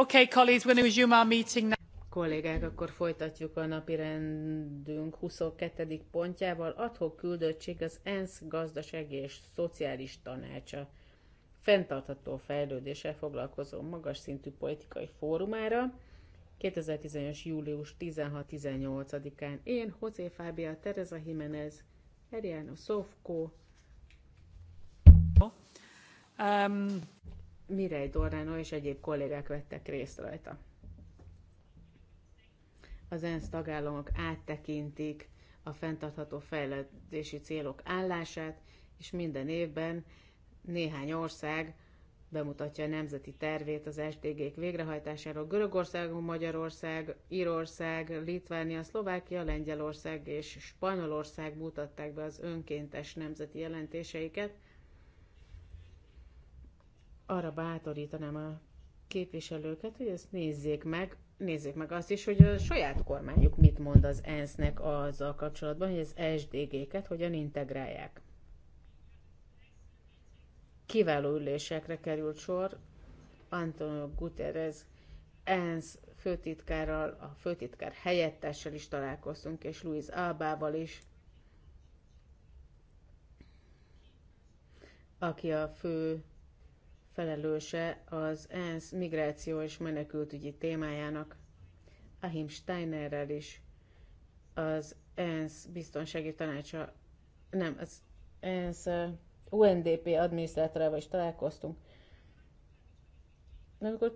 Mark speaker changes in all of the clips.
Speaker 1: Okay, colleagues, we're going to resume our meeting now. Kollégák, akkor folytatjuk a napi rendünk 22. pontjával. Adhok küldöttség az ENSZ gazdasági és szociális tanácsa fenntartható fejlődéssel foglalkozó magas szintű politikai fórumára 2018. július 16-18-án én, José Fábia, Tereza Jimenez, Eriano Szofko, um, Mirei Dornano és egyéb kollégák vettek részt rajta. Az ENSZ tagállamok áttekintik a fenntartható fejlesztési célok állását, és minden évben néhány ország bemutatja a nemzeti tervét az SDG-k végrehajtásáról. Görögország, Magyarország, Írország, Litvánia, Szlovákia, Lengyelország és Spanyolország mutatták be az önkéntes nemzeti jelentéseiket – arra bátorítanám a képviselőket, hogy ezt nézzék meg, nézzék meg azt is, hogy a saját kormányuk mit mond az ENSZ-nek azzal kapcsolatban, hogy az SDG-ket hogyan integrálják. Kiváló ülésekre került sor Antonio Guterres ENSZ főtitkárral, a főtitkár helyettessel is találkoztunk, és Luis Albával is, aki a fő felelőse az ENSZ migráció és menekültügyi témájának, Ahim Steinerrel is, az ENSZ biztonsági tanácsa, nem, az ENSZ UNDP adminisztrátorával is találkoztunk. De amikor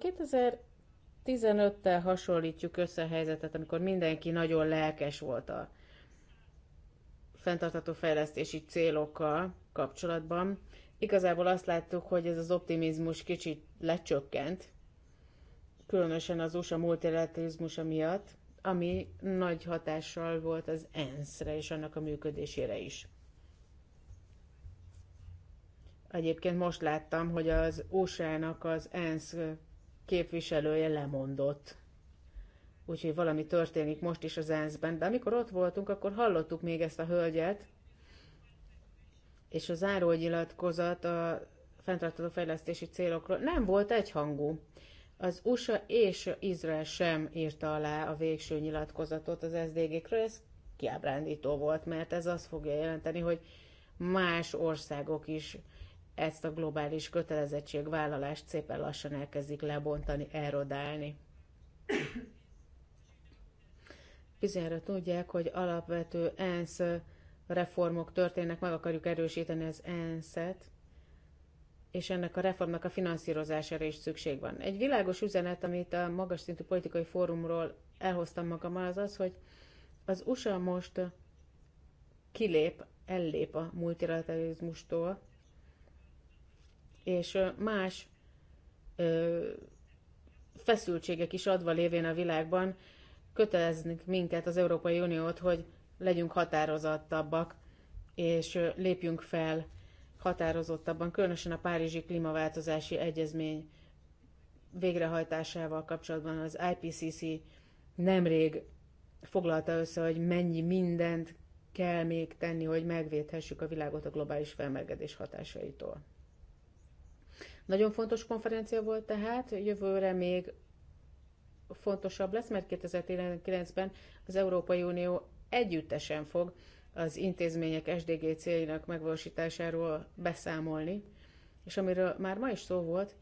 Speaker 1: 2015-tel hasonlítjuk össze a helyzetet, amikor mindenki nagyon lelkes volt a fenntartható fejlesztési célokkal kapcsolatban, Igazából azt láttuk, hogy ez az optimizmus kicsit lecsökkent, különösen az USA multilateralizmusa miatt, ami nagy hatással volt az ENSZ-re és annak a működésére is. Egyébként most láttam, hogy az USA-nak az ENSZ képviselője lemondott. Úgyhogy valami történik most is az ENSZ-ben, de amikor ott voltunk, akkor hallottuk még ezt a hölgyet, és a zárógyilatkozat a fenntartható fejlesztési célokról nem volt egyhangú. Az USA és Izrael sem írta alá a végső nyilatkozatot az SZDG-kről, ez kiábrándító volt, mert ez azt fogja jelenteni, hogy más országok is ezt a globális kötelezettségvállalást szépen lassan elkezdik lebontani, erodálni. Bizonyára tudják, hogy alapvető ENSZ reformok történnek, meg akarjuk erősíteni az ENSZ-et, és ennek a reformnak a finanszírozására is szükség van. Egy világos üzenet, amit a magas szintű politikai fórumról elhoztam magammal, az az, hogy az USA most kilép, ellép a multilateralizmustól, és más ö, feszültségek is adva lévén a világban köteleznek minket, az Európai Uniót, hogy legyünk határozottabbak, és lépjünk fel határozottabban, különösen a Párizsi Klímaváltozási Egyezmény végrehajtásával kapcsolatban az IPCC nemrég foglalta össze, hogy mennyi mindent kell még tenni, hogy megvédhessük a világot a globális felmelegedés hatásaitól. Nagyon fontos konferencia volt tehát, jövőre még fontosabb lesz, mert 2019-ben az Európai Unió együttesen fog az intézmények SDG céljainak megvalósításáról beszámolni, és amiről már ma is szó volt,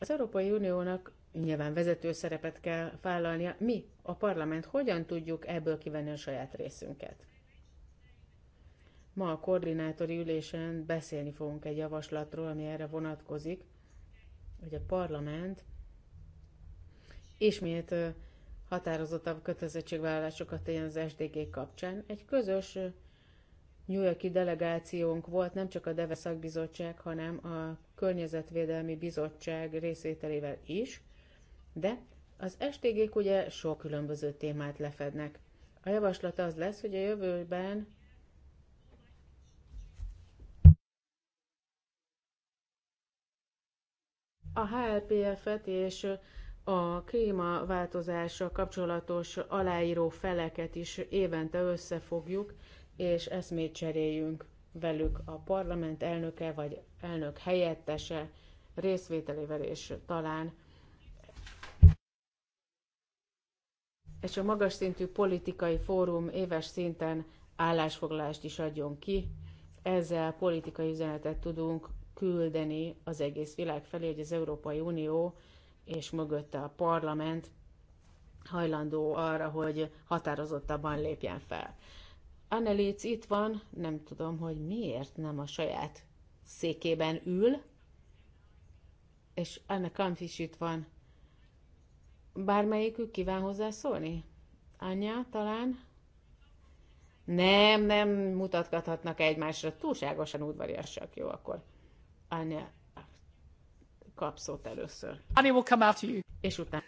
Speaker 1: az Európai Uniónak nyilván vezető szerepet kell vállalnia. Mi, a parlament, hogyan tudjuk ebből kivenni a saját részünket? Ma a koordinátori ülésen beszélni fogunk egy javaslatról, ami erre vonatkozik, hogy a parlament ismét határozottabb kötelezettségvállalásokat tegyen az SDG kapcsán. Egy közös New Yorki delegációnk volt, nem csak a DEVE szakbizottság, hanem a Környezetvédelmi Bizottság részvételével is, de az stg ugye sok különböző témát lefednek. A javaslat az lesz, hogy a jövőben a HLPF-et és a klímaváltozással kapcsolatos aláíró feleket is évente összefogjuk, és eszmét cseréljünk velük a parlament elnöke vagy elnök helyettese részvételével, és talán és a magas szintű politikai fórum éves szinten állásfoglalást is adjon ki. Ezzel politikai üzenetet tudunk küldeni az egész világ felé, hogy az Európai Unió és mögötte a parlament hajlandó arra, hogy határozottabban lépjen fel. Annelic itt van, nem tudom, hogy miért nem a saját székében ül, és Anna Kampf is itt van. Bármelyikük kíván hozzászólni? Anya, talán? Nem, nem mutatkathatnak egymásra, túlságosan udvariasak, jó akkor. Anya, kap először.
Speaker 2: Annie will come after you. És utána.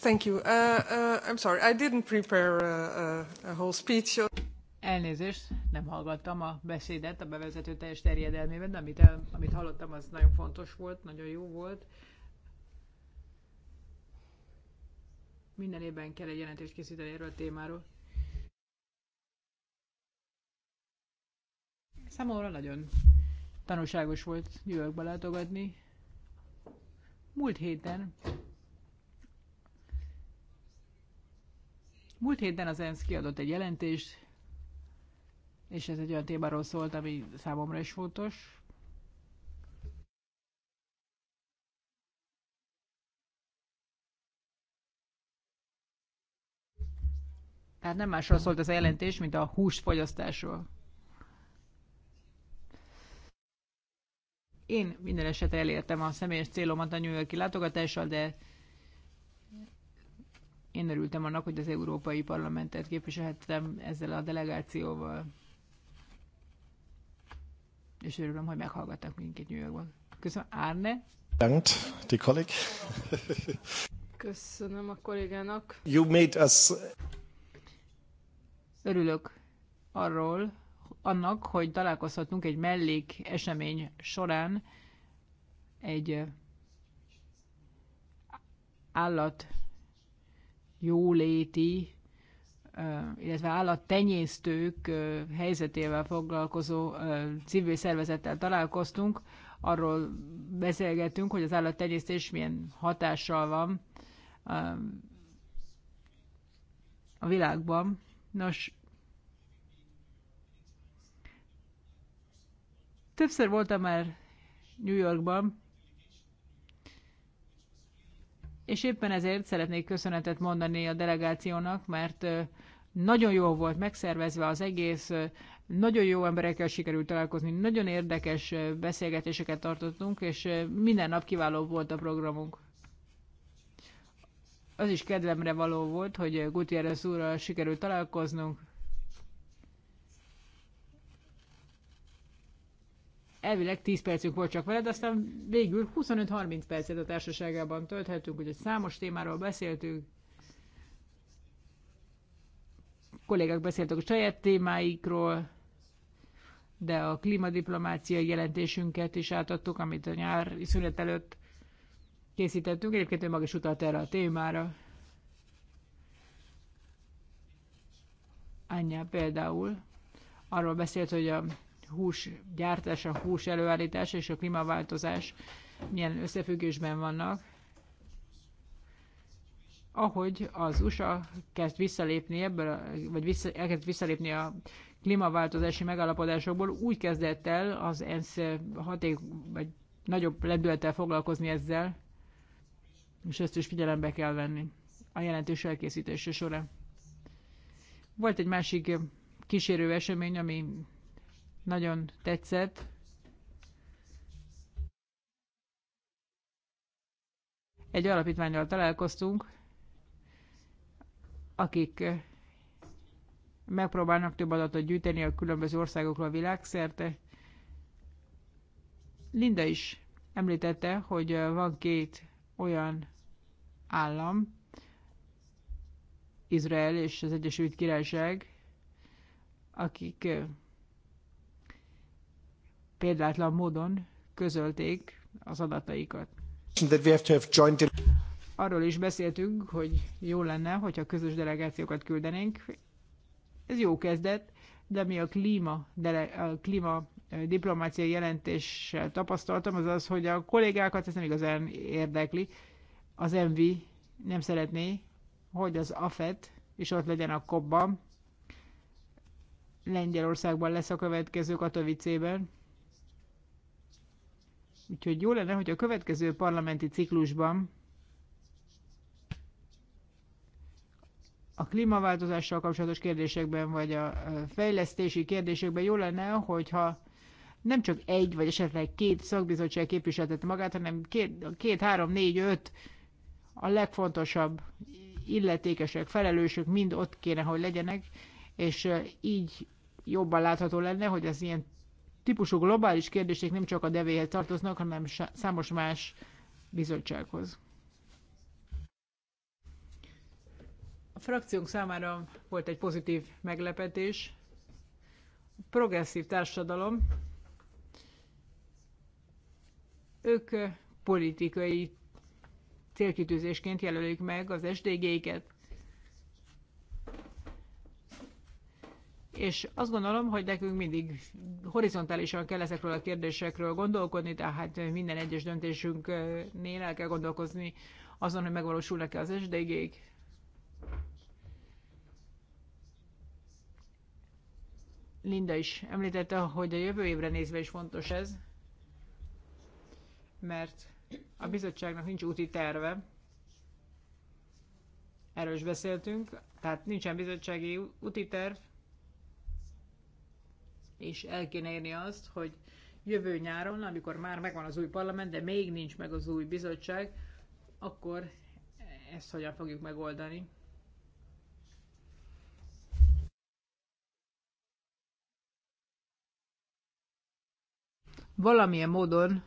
Speaker 2: Thank you. Uh, uh, I'm sorry, I didn't prepare a, uh, uh, a whole speech. Elnézést, nem hallgattam a beszédet a bevezető teljes terjedelmében, de amit, el, amit hallottam, az nagyon fontos volt, nagyon jó volt. Minden évben kell egy jelentést készíteni erről a témáról. Számomra nagyon tanulságos volt New Yorkba látogatni. Múlt héten Múlt héten az ENSZ kiadott egy jelentést, és ez egy olyan témáról szólt, ami számomra is fontos. Tehát nem másról szólt az a jelentés, mint a húsfogyasztásról. Én minden eset elértem a személyes célomat a New Yorki látogatással, de én örültem annak, hogy az Európai Parlamentet képviselhettem ezzel a delegációval. És örülöm, hogy meghallgattak minket New Yorkban. Köszönöm, Árne.
Speaker 1: Dankt, die colleague.
Speaker 2: Köszönöm a kollégának.
Speaker 1: You made us...
Speaker 2: Örülök arról, annak, hogy találkozhatunk egy mellék esemény során egy állat jóléti, illetve állattenyésztők helyzetével foglalkozó civil szervezettel találkoztunk. Arról beszélgettünk, hogy az állattenyésztés milyen hatással van a világban. Nos, Többször voltam már New Yorkban, és éppen ezért szeretnék köszönetet mondani a delegációnak, mert nagyon jó volt megszervezve az egész, nagyon jó emberekkel sikerült találkozni, nagyon érdekes beszélgetéseket tartottunk, és minden nap kiváló volt a programunk. Az is kedvemre való volt, hogy Gutierrez úrral sikerült találkoznunk. elvileg 10 percünk volt csak veled, aztán végül 25-30 percet a társaságában tölthetünk, egy számos témáról beszéltünk. Kollégák beszéltek a saját témáikról, de a klímadiplomáciai jelentésünket is átadtuk, amit a nyári szünet előtt készítettünk. Egyébként ő maga is utalt erre a témára. Anya például arról beszélt, hogy a hús a hús előállítás és a klímaváltozás milyen összefüggésben vannak. Ahogy az USA kezd visszalépni ebből, vagy vissza, elkezd visszalépni a klímaváltozási megállapodásokból, úgy kezdett el az ENSZ haték, vagy nagyobb lendülettel foglalkozni ezzel, és ezt is figyelembe kell venni a jelentős elkészítése során. Volt egy másik kísérő esemény, ami nagyon tetszett. Egy alapítványral találkoztunk, akik megpróbálnak több adatot gyűjteni a különböző országokról világszerte. Linda is említette, hogy van két olyan állam, Izrael és az Egyesült Királyság, akik példátlan módon közölték az adataikat. Arról is beszéltünk, hogy jó lenne, hogyha közös delegációkat küldenénk. Ez jó kezdet, de mi a klíma, dele, a klíma diplomáciai jelentéssel tapasztaltam, az az, hogy a kollégákat ez nem igazán érdekli. Az MV nem szeretné, hogy az AFET és ott legyen a kobban. Lengyelországban lesz a következő Katowice-ben. Úgyhogy jó lenne, hogy a következő parlamenti ciklusban a klímaváltozással kapcsolatos kérdésekben, vagy a fejlesztési kérdésekben jó lenne, hogyha nem csak egy, vagy esetleg két szakbizottság képviseltette magát, hanem két, két, három, négy, öt a legfontosabb illetékesek, felelősök mind ott kéne, hogy legyenek, és így jobban látható lenne, hogy az ilyen típusú globális kérdések nem csak a devéhez tartoznak, hanem számos más bizottsághoz. A frakciónk számára volt egy pozitív meglepetés. A progresszív társadalom, ők politikai célkitűzésként jelölik meg az SDG-ket, és azt gondolom, hogy nekünk mindig horizontálisan kell ezekről a kérdésekről gondolkodni, tehát minden egyes döntésünknél el kell gondolkozni azon, hogy megvalósulnak-e az SDG-k. Linda is említette, hogy a jövő évre nézve is fontos ez, mert a bizottságnak nincs úti terve, erről is beszéltünk, tehát nincsen bizottsági úti terv, és el kéne érni azt, hogy jövő nyáron, amikor már megvan az új parlament, de még nincs meg az új bizottság, akkor ezt hogyan fogjuk megoldani. Valamilyen módon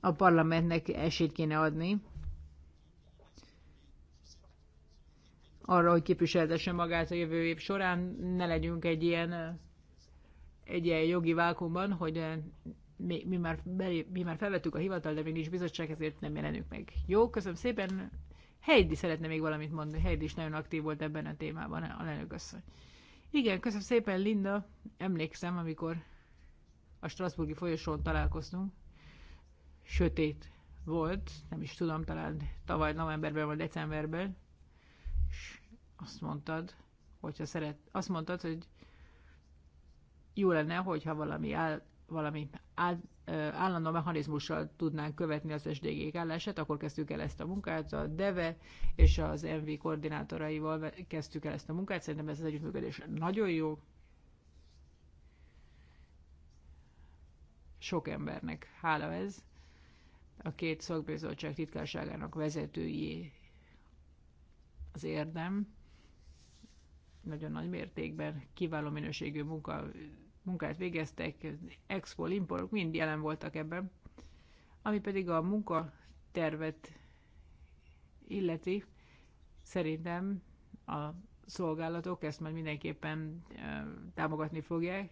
Speaker 2: a parlamentnek esélyt kéne adni arra, hogy képviseltesse magát a jövő év során, ne legyünk egy ilyen, egy ilyen jogi vákumban, hogy mi, mi, már belé, mi már felvettük a hivatal, de még nincs bizottság, ezért nem jelenünk meg. Jó, köszönöm szépen. Heidi szeretne még valamit mondani. Heidi is nagyon aktív volt ebben a témában, a elnökasszony. Igen, köszönöm szépen, Linda. Emlékszem, amikor a Strasburgi folyosón találkoztunk. Sötét volt, nem is tudom, talán tavaly novemberben vagy decemberben. Azt mondtad, hogyha szeret, azt mondtad, hogy jó lenne, hogyha valami, áll, valami áll, állandó mechanizmussal tudnánk követni az SDG állását, akkor kezdtük el ezt a munkát, a DEVE és az MV koordinátoraival kezdtük el ezt a munkát, szerintem ez az együttműködés nagyon jó. Sok embernek hála ez, a két szakbizottság titkárságának vezetői az érdem nagyon nagy mértékben kiváló minőségű munka, munkát végeztek, Expo, import, mind jelen voltak ebben. Ami pedig a munkatervet illeti, szerintem a szolgálatok ezt majd mindenképpen támogatni fogják.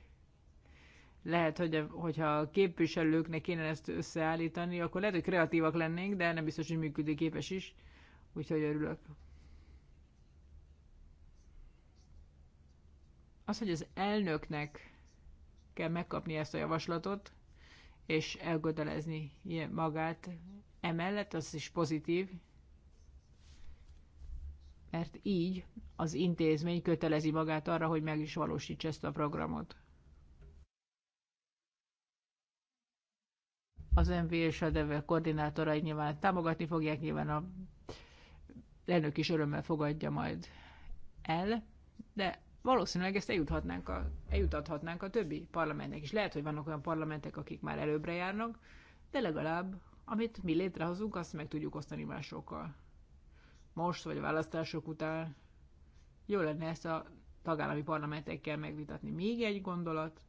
Speaker 2: Lehet, hogy hogyha a képviselőknek kéne ezt összeállítani, akkor lehet, hogy kreatívak lennénk, de nem biztos, hogy működőképes is. Úgyhogy örülök Az, hogy az elnöknek kell megkapni ezt a javaslatot, és elkötelezni magát emellett, az is pozitív, mert így az intézmény kötelezi magát arra, hogy meg is valósítsa ezt a programot. Az MV és a DEVE koordinátorai nyilván támogatni fogják, nyilván a elnök is örömmel fogadja majd el, de valószínűleg ezt eljuthatnánk a, eljutathatnánk a többi parlamentnek is. Lehet, hogy vannak olyan parlamentek, akik már előbbre járnak, de legalább, amit mi létrehozunk, azt meg tudjuk osztani másokkal. Most, vagy a választások után jó lenne ezt a tagállami parlamentekkel megvitatni. Még egy gondolat.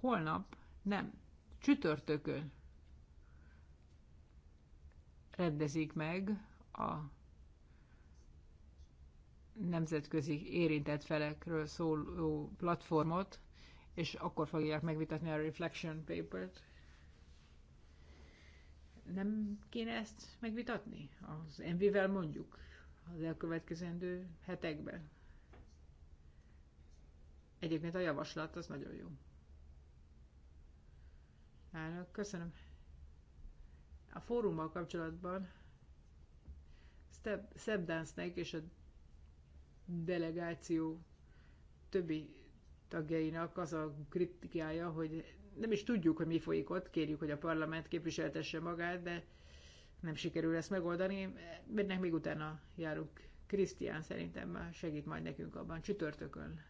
Speaker 2: Holnap, nem, csütörtökön rendezik meg a nemzetközi érintett felekről szóló platformot, és akkor fogják megvitatni a reflection papert. Nem kéne ezt megvitatni? Az envivel mondjuk az elkövetkezendő hetekben. Egyébként a javaslat az nagyon jó. Állnak, köszönöm. A fórummal kapcsolatban Step, Step Dance-nek és a delegáció többi tagjainak az a kritikája, hogy nem is tudjuk, hogy mi folyik ott, kérjük, hogy a parlament képviseltesse magát, de nem sikerül ezt megoldani, Mert még utána járunk. Krisztián szerintem már segít majd nekünk abban. Csütörtökön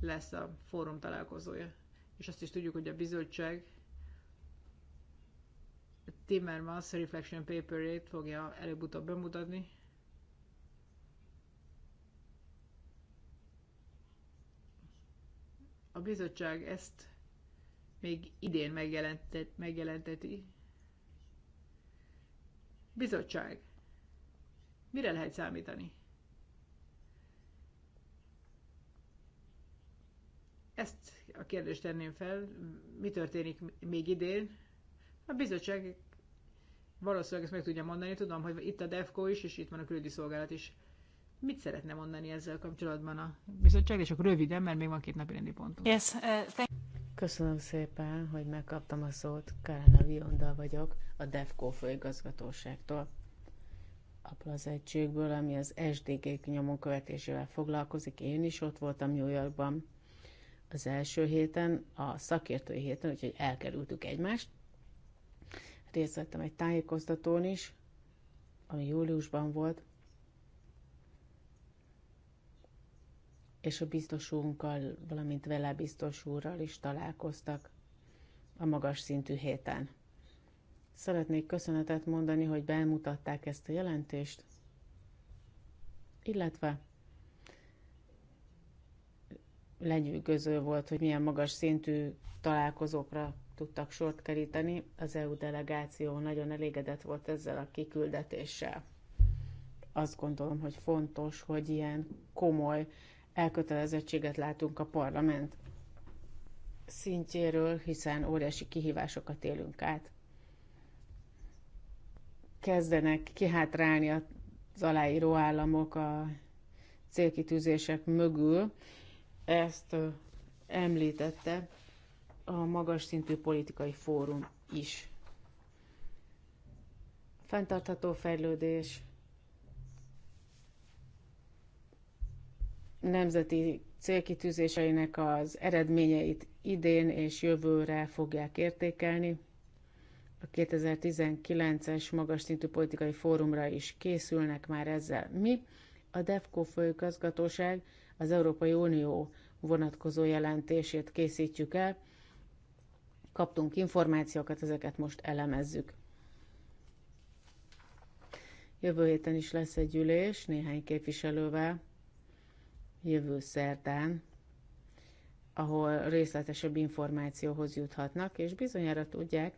Speaker 2: lesz a fórum találkozója. És azt is tudjuk, hogy a bizottság Timmermans Reflection Paper-ét fogja előbb-utóbb bemutatni. A bizottság ezt még idén megjelentet, megjelenteti. Bizottság, mire lehet számítani? Ezt a kérdést tenném fel, mi történik még idén? A bizottság valószínűleg ezt meg tudja mondani, tudom, hogy itt a DEFCO is, és itt van a külügyi szolgálat is. Mit szeretne mondani ezzel kapcsolatban a bizottság, és akkor röviden, mert még van két napi rendi pontunk. Yes, uh, thank Köszönöm szépen,
Speaker 1: hogy megkaptam a szót. Karana Vionda vagyok, a DEFCO főigazgatóságtól. A Plaza egységből, ami az SDG nyomon követésével foglalkozik. Én is ott voltam New Yorkban az első héten, a szakértői héten, úgyhogy elkerültük egymást. Részt vettem egy tájékoztatón is, ami júliusban volt, és a biztosunkkal, valamint vele biztos úrral is találkoztak a magas szintű héten. Szeretnék köszönetet mondani, hogy bemutatták ezt a jelentést, illetve lenyűgöző volt, hogy milyen magas szintű találkozókra tudtak sort keríteni. Az EU delegáció nagyon elégedett volt ezzel a kiküldetéssel. Azt gondolom, hogy fontos, hogy ilyen komoly elkötelezettséget látunk a parlament szintjéről, hiszen óriási kihívásokat élünk át. Kezdenek kihátrálni az aláíró államok a célkitűzések mögül. Ezt említette a magas szintű politikai fórum is. Fentartható fejlődés, nemzeti célkitűzéseinek az eredményeit idén és jövőre fogják értékelni. A 2019-es magas szintű politikai fórumra is készülnek már ezzel. Mi, a DEFCO főigazgatóság az Európai Unió vonatkozó jelentését készítjük el. Kaptunk információkat, ezeket most elemezzük. Jövő héten is lesz egy ülés néhány képviselővel, jövő szerdán, ahol részletesebb információhoz juthatnak, és bizonyára tudják,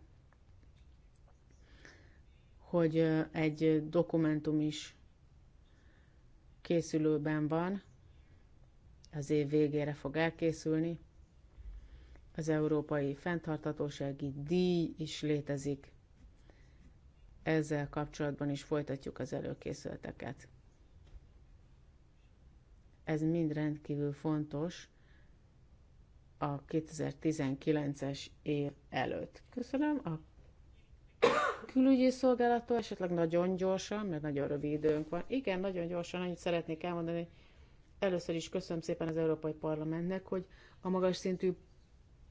Speaker 1: hogy egy dokumentum is készülőben van, az év végére fog elkészülni. Az Európai Fenntartatósági Díj is létezik. Ezzel kapcsolatban is folytatjuk az előkészületeket. Ez mind rendkívül fontos a 2019-es év előtt. Köszönöm. A külügyi szolgálattól esetleg nagyon gyorsan, mert nagyon rövid időnk van. Igen, nagyon gyorsan, annyit szeretnék elmondani, először is köszönöm szépen az Európai Parlamentnek, hogy a magas szintű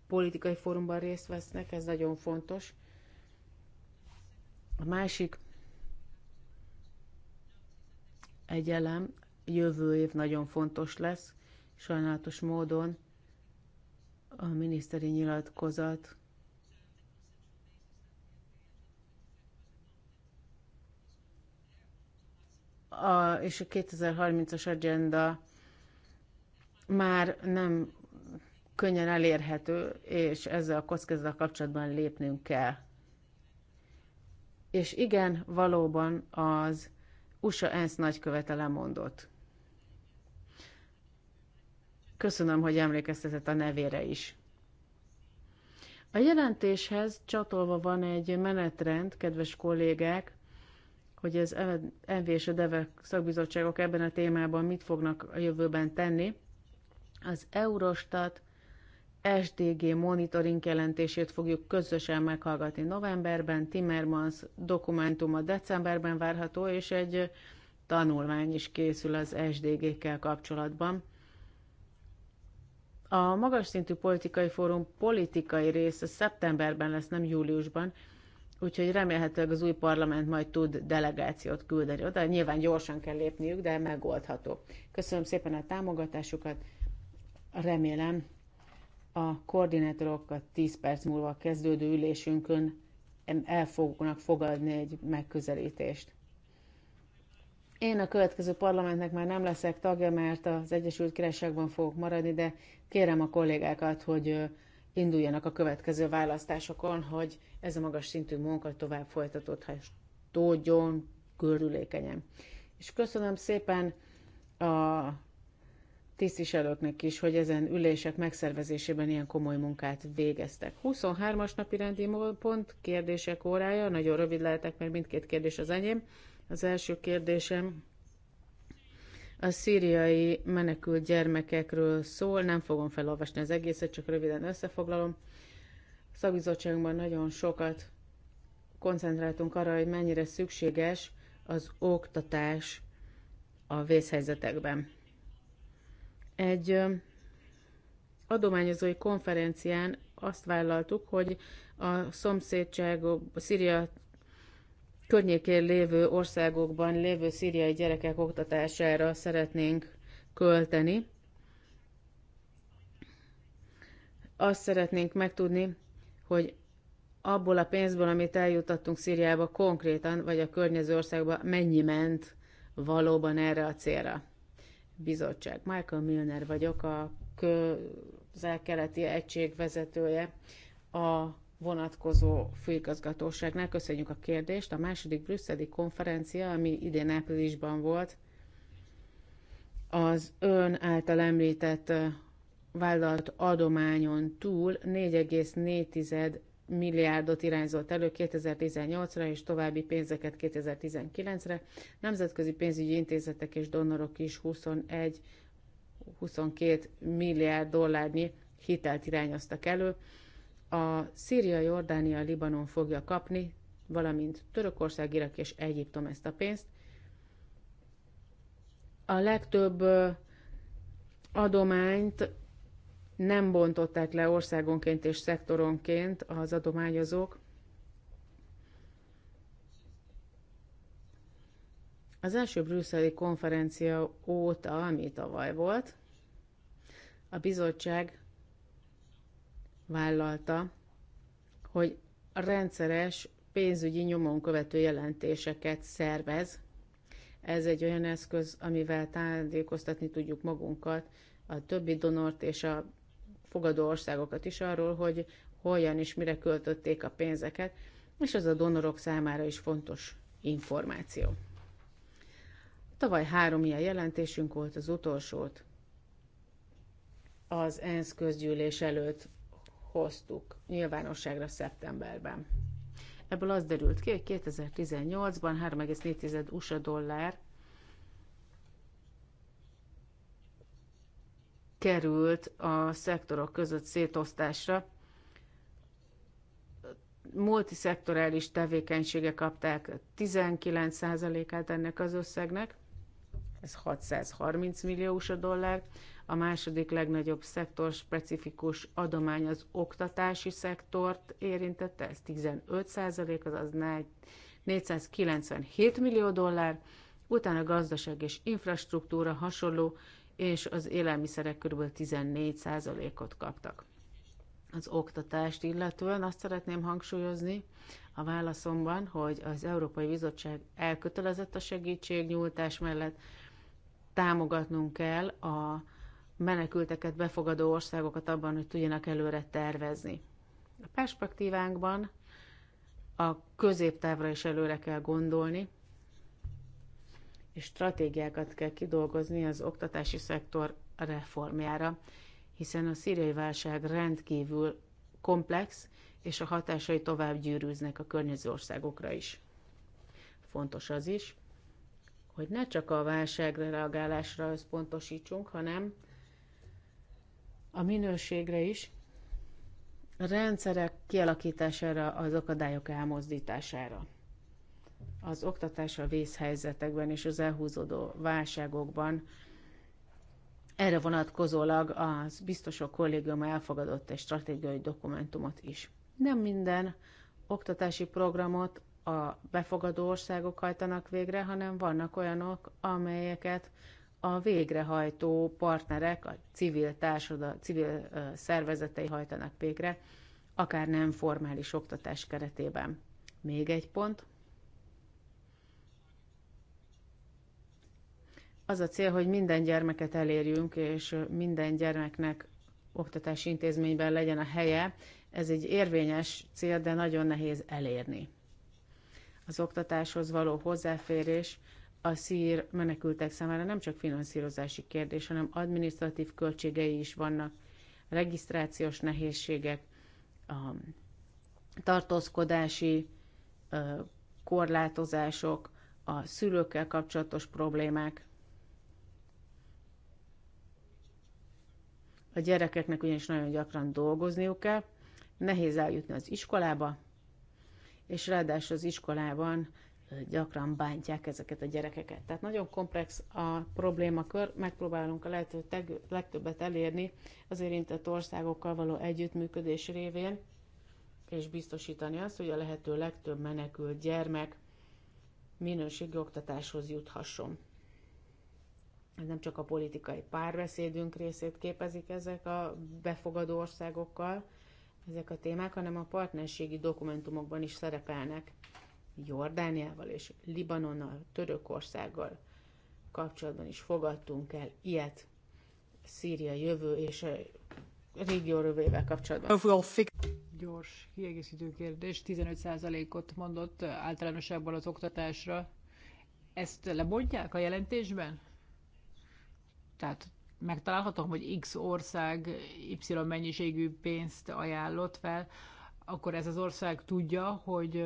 Speaker 1: politikai fórumban részt vesznek, ez nagyon fontos. A másik egy elem, jövő év nagyon fontos lesz. Sajnálatos módon a miniszteri nyilatkozat a, és a 2030-as agenda már nem könnyen elérhető, és ezzel a kockázattal kapcsolatban lépnünk kell. És igen, valóban az USA ENSZ nagykövete lemondott. Köszönöm, hogy emlékeztetett a nevére is. A jelentéshez csatolva van egy menetrend, kedves kollégák, hogy az MV és a DEVE szakbizottságok ebben a témában mit fognak a jövőben tenni. Az Eurostat SDG monitoring jelentését fogjuk közösen meghallgatni novemberben, Timmermans dokumentuma decemberben várható, és egy tanulmány is készül az SDG-kkel kapcsolatban a magas szintű politikai fórum politikai része szeptemberben lesz, nem júliusban, úgyhogy remélhetőleg az új parlament majd tud delegációt küldeni oda. Nyilván gyorsan kell lépniük, de megoldható. Köszönöm szépen a támogatásukat. Remélem a koordinátorokat 10 perc múlva kezdődő ülésünkön el fognak fogadni egy megközelítést. Én a következő parlamentnek már nem leszek tagja, mert az Egyesült Királyságban fogok maradni, de kérem a kollégákat, hogy induljanak a következő választásokon, hogy ez a magas szintű munka tovább folytatódjon körülékenyen. És köszönöm szépen a tisztviselőknek is, hogy ezen ülések megszervezésében ilyen komoly munkát végeztek. 23-as napi rendi pont, kérdések órája, nagyon rövid lehetek, mert mindkét kérdés az enyém. Az első kérdésem a szíriai menekült gyermekekről szól, nem fogom felolvasni az egészet, csak röviden összefoglalom. A szakbizottságunkban nagyon sokat koncentráltunk arra, hogy mennyire szükséges az oktatás a vészhelyzetekben. Egy adományozói konferencián azt vállaltuk, hogy a szomszédság, a Szíria környékén lévő országokban lévő szíriai gyerekek oktatására szeretnénk költeni. Azt szeretnénk megtudni, hogy abból a pénzből, amit eljutattunk Szíriába konkrétan, vagy a környező országba, mennyi ment valóban erre a célra. Bizottság. Michael Milner vagyok, a közel-keleti egység vezetője a vonatkozó főigazgatóságnál. Köszönjük a kérdést. A második brüsszeli konferencia, ami idén áprilisban volt, az ön által említett vállalt adományon túl 4,4 milliárdot irányzott elő 2018-ra és további pénzeket 2019-re. Nemzetközi pénzügyi intézetek és donorok is 21-22 milliárd dollárnyi hitelt irányoztak elő a Szíria, Jordánia, Libanon fogja kapni, valamint Törökország, Irak és Egyiptom ezt a pénzt. A legtöbb adományt nem bontották le országonként és szektoronként az adományozók. Az első brüsszeli konferencia óta, ami tavaly volt, a bizottság vállalta, hogy rendszeres pénzügyi nyomon követő jelentéseket szervez. Ez egy olyan eszköz, amivel tájékoztatni tudjuk magunkat, a többi donort és a fogadó országokat is arról, hogy hogyan és mire költötték a pénzeket, és ez a donorok számára is fontos információ. Tavaly három ilyen jelentésünk volt, az utolsót az ENSZ közgyűlés előtt hoztuk nyilvánosságra szeptemberben. Ebből az derült ki, hogy 2018-ban 3,4 USA dollár került a szektorok között szétosztásra. Multiszektorális tevékenységek kapták 19%-át ennek az összegnek, ez 630 millió USA dollár, a második legnagyobb szektor specifikus adomány az oktatási szektort érintette, ez 15 százalék, azaz 497 millió dollár, utána gazdaság és infrastruktúra hasonló, és az élelmiszerek kb. 14 százalékot kaptak. Az oktatást illetően azt szeretném hangsúlyozni a válaszomban, hogy az Európai Bizottság elkötelezett a segítségnyújtás mellett, támogatnunk kell a menekülteket befogadó országokat abban, hogy tudjanak előre tervezni. A perspektívánkban a középtávra is előre kell gondolni, és stratégiákat kell kidolgozni az oktatási szektor reformjára, hiszen a szíriai válság rendkívül komplex, és a hatásai tovább gyűrűznek a környező országokra is. Fontos az is, hogy ne csak a válságra reagálásra összpontosítsunk, hanem a minőségre is, a rendszerek kialakítására, az akadályok elmozdítására, az oktatásra vészhelyzetekben és az elhúzódó válságokban. Erre vonatkozólag az biztosok kollégium elfogadott egy stratégiai dokumentumot is. Nem minden oktatási programot a befogadó országok hajtanak végre, hanem vannak olyanok, amelyeket a végrehajtó partnerek, a civil társadal, civil szervezetei hajtanak végre, akár nem formális oktatás keretében. Még egy pont. Az a cél, hogy minden gyermeket elérjünk, és minden gyermeknek oktatási intézményben legyen a helye. Ez egy érvényes cél, de nagyon nehéz elérni. Az oktatáshoz való hozzáférés a szír menekültek számára nem csak finanszírozási kérdés, hanem administratív költségei is vannak, regisztrációs nehézségek, a tartózkodási korlátozások, a szülőkkel kapcsolatos problémák. A gyerekeknek ugyanis nagyon gyakran dolgozniuk kell, nehéz eljutni az iskolába, és ráadásul az iskolában gyakran bántják ezeket a gyerekeket. Tehát nagyon komplex a problémakör, megpróbálunk a lehető legtöbbet elérni az érintett országokkal való együttműködés révén, és biztosítani azt, hogy a lehető legtöbb menekült gyermek minőségi oktatáshoz juthasson. Ez nem csak a politikai párbeszédünk részét képezik ezek a befogadó országokkal, ezek a témák, hanem a partnerségi dokumentumokban is szerepelnek Jordániával és Libanonnal, Törökországgal kapcsolatban is fogadtunk el ilyet Szíria
Speaker 2: jövő és a régió rövével kapcsolatban. Gyors kiegészítő kérdés. 15%-ot mondott általánosságban az oktatásra. Ezt lebontják a jelentésben? Tehát megtalálhatom, hogy X ország Y mennyiségű pénzt ajánlott fel, akkor ez az ország tudja, hogy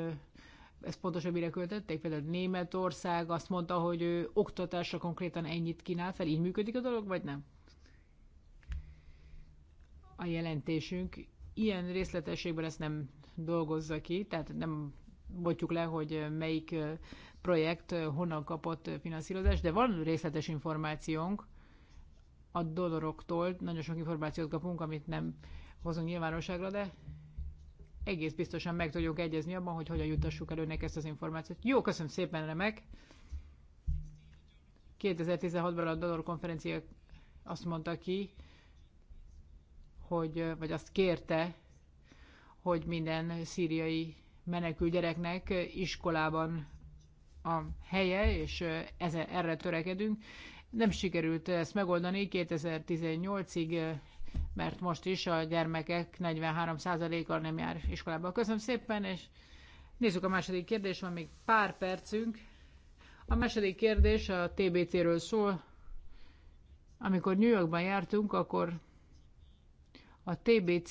Speaker 2: ez pontosan mire költötték. Például Németország azt mondta, hogy ő oktatásra konkrétan ennyit kínál fel. Így működik a dolog, vagy nem? A jelentésünk ilyen részletességben ezt nem dolgozza ki, tehát nem botjuk le, hogy melyik projekt honnan kapott finanszírozást, de van részletes információnk, a donoroktól nagyon sok információt kapunk, amit nem hozunk nyilvánosságra, de egész biztosan meg tudjuk egyezni abban, hogy hogyan jutassuk el önnek ezt az információt. Jó, köszönöm szépen, remek! 2016-ban a donor konferencia azt mondta ki, hogy, vagy azt kérte, hogy minden szíriai menekül gyereknek iskolában a helye, és ezen, erre törekedünk. Nem sikerült ezt megoldani 2018-ig, eh, mert most is a gyermekek 43%-a nem jár iskolába. Köszönöm szépen, és nézzük a második kérdés, van még pár percünk. A második kérdés a TBC-ről szól. Amikor New Yorkban jártunk, akkor a TBC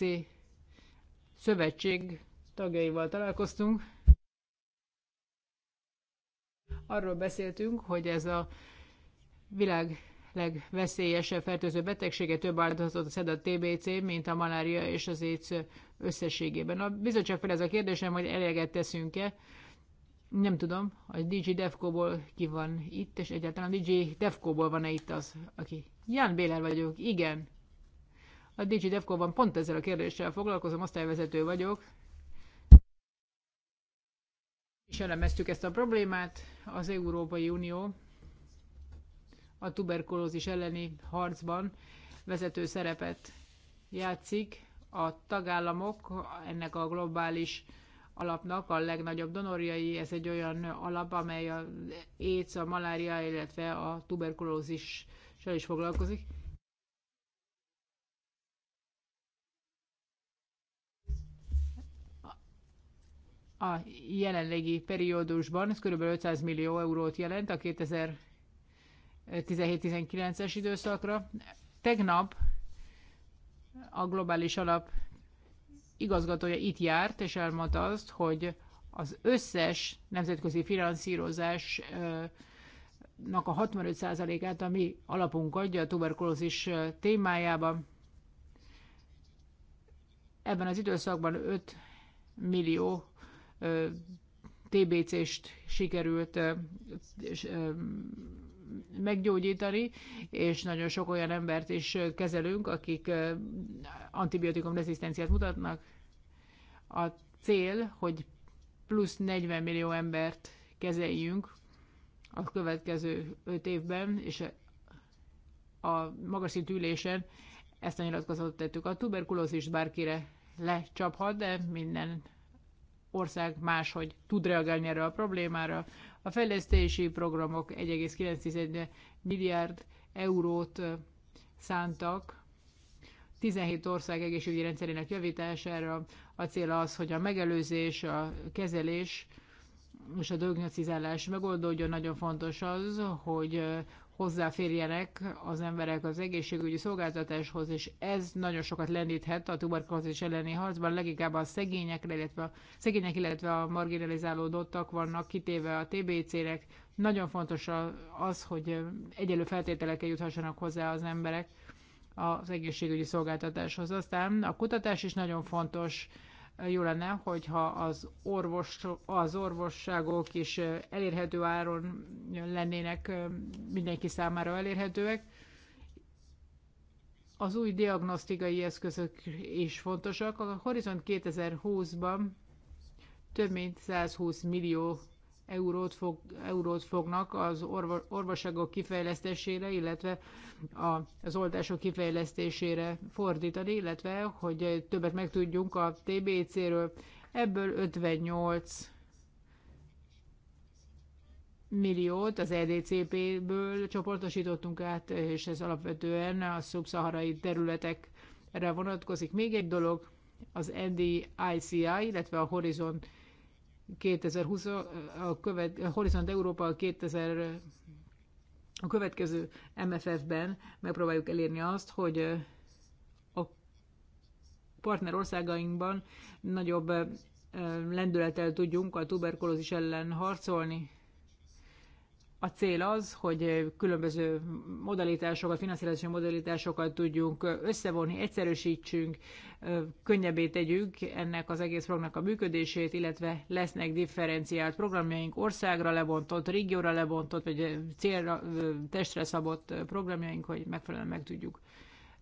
Speaker 2: szövetség tagjaival találkoztunk. Arról beszéltünk, hogy ez a világ legveszélyesebb fertőző betegsége több áldozatot szed a TBC, mint a malária és az AIDS összességében. A bizottság fel ez a kérdésem, hogy eleget teszünk-e. Nem tudom, a DJ Defco-ból ki van itt, és egyáltalán a DJ Defco-ból van-e itt az, aki... Ján Béler vagyok, igen. A DJ Defco-ban pont ezzel a kérdéssel foglalkozom, osztályvezető vagyok. És elemeztük ezt a problémát. Az Európai Unió a tuberkulózis elleni harcban vezető szerepet játszik. A tagállamok ennek a globális alapnak a legnagyobb donorjai. Ez egy olyan alap, amely a AIDS, a malária, illetve a tuberkulózissal is foglalkozik. A jelenlegi periódusban ez kb. 500 millió eurót jelent a 2000 17-19-es időszakra. Tegnap a globális alap igazgatója itt járt, és elmondta azt, hogy az összes nemzetközi finanszírozásnak a 65%-át ami alapunk adja a tuberkulózis témájában. Ebben az időszakban 5 millió TBC-st sikerült meggyógyítani, és nagyon sok olyan embert is kezelünk, akik antibiotikum rezisztenciát mutatnak. A cél, hogy plusz 40 millió embert kezeljünk a következő 5 évben, és a magas szintű ülésen ezt a nyilatkozatot tettük. A tuberkulózis bárkire lecsaphat, de minden ország máshogy tud reagálni erre a problémára. A fejlesztési programok 1,9 milliárd eurót szántak 17 ország egészségügyi rendszerének javítására. A cél az, hogy a megelőzés, a kezelés és a diagnosztizálás megoldódjon. Nagyon fontos az, hogy hozzáférjenek az emberek az egészségügyi szolgáltatáshoz, és ez nagyon sokat lendíthet a tuberkulózis elleni harcban, leginkább a szegényekre, illetve a szegények, illetve a marginalizálódottak vannak kitéve a TBC-nek. Nagyon fontos az, hogy egyelő feltételekkel juthassanak hozzá az emberek az egészségügyi szolgáltatáshoz. Aztán a kutatás is nagyon fontos, jó lenne, hogyha az, orvos, az orvosságok is elérhető áron lennének mindenki számára elérhetőek. Az új diagnosztikai eszközök is fontosak. A Horizont 2020-ban több mint 120 millió eurót, fog, eurót fognak az orvo, orvosságok kifejlesztésére, illetve a, az oltások kifejlesztésére fordítani, illetve hogy többet megtudjunk a TBC-ről. Ebből 58 milliót az EDCP-ből csoportosítottunk át, és ez alapvetően a szubszaharai területekre vonatkozik. Még egy dolog, az NDICI, illetve a Horizon 2020, a követ, a Horizont Európa 2000 a következő MFF-ben megpróbáljuk elérni azt, hogy a partner országainkban nagyobb lendülettel tudjunk a tuberkulózis ellen harcolni. A cél az, hogy különböző modalitásokat, finanszírozási modalitásokat tudjunk összevonni, egyszerűsítsünk, könnyebbé tegyük ennek az egész programnak a működését, illetve lesznek differenciált programjaink, országra lebontott, régióra lebontott, vagy célra, testre szabott programjaink, hogy megfelelően meg tudjuk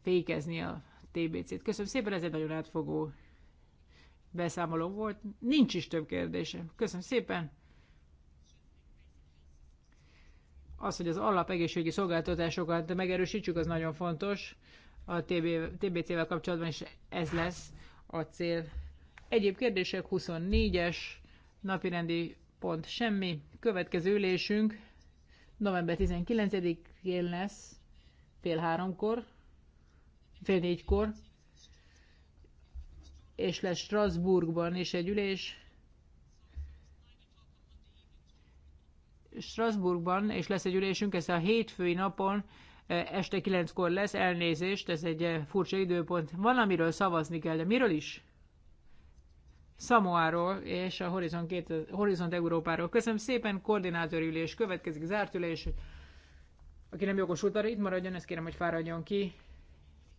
Speaker 2: fékezni a TBC-t. Köszönöm szépen, ez egy nagyon átfogó beszámoló volt. Nincs is több kérdése. Köszönöm szépen! az, hogy az alap alapegészségügyi szolgáltatásokat megerősítsük, az nagyon fontos. A TB, TBC-vel kapcsolatban és ez lesz a cél. Egyéb kérdések 24-es, napirendi pont semmi. Következő ülésünk november 19-én lesz, fél háromkor, fél négykor, és lesz Strasbourgban is egy ülés, Strasbourgban, és lesz egy ülésünk, ez a hétfői napon, eh, este kilenckor lesz, elnézést, ez egy eh, furcsa időpont. Van, amiről szavazni kell, de miről is? Samoáról és a Horizon, két, Horizon Európáról. Köszönöm szépen, koordinátorülés következik, zárt ülés. Aki nem jogosult arra, itt maradjon, ezt kérem, hogy fáradjon ki.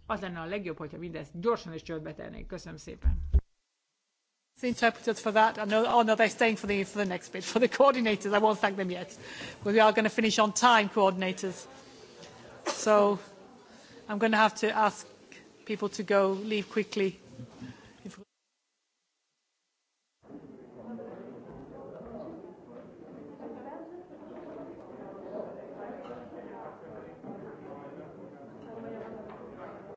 Speaker 2: Az lenne a legjobb, hogyha mindezt gyorsan és csődbe tennék. Köszönöm szépen the interpreters for that. I know, oh no, they're staying for the, for the next bit. For the coordinators, I won't thank them yet. But we are going to finish on time, coordinators. So I'm going to have to ask people to go, leave quickly.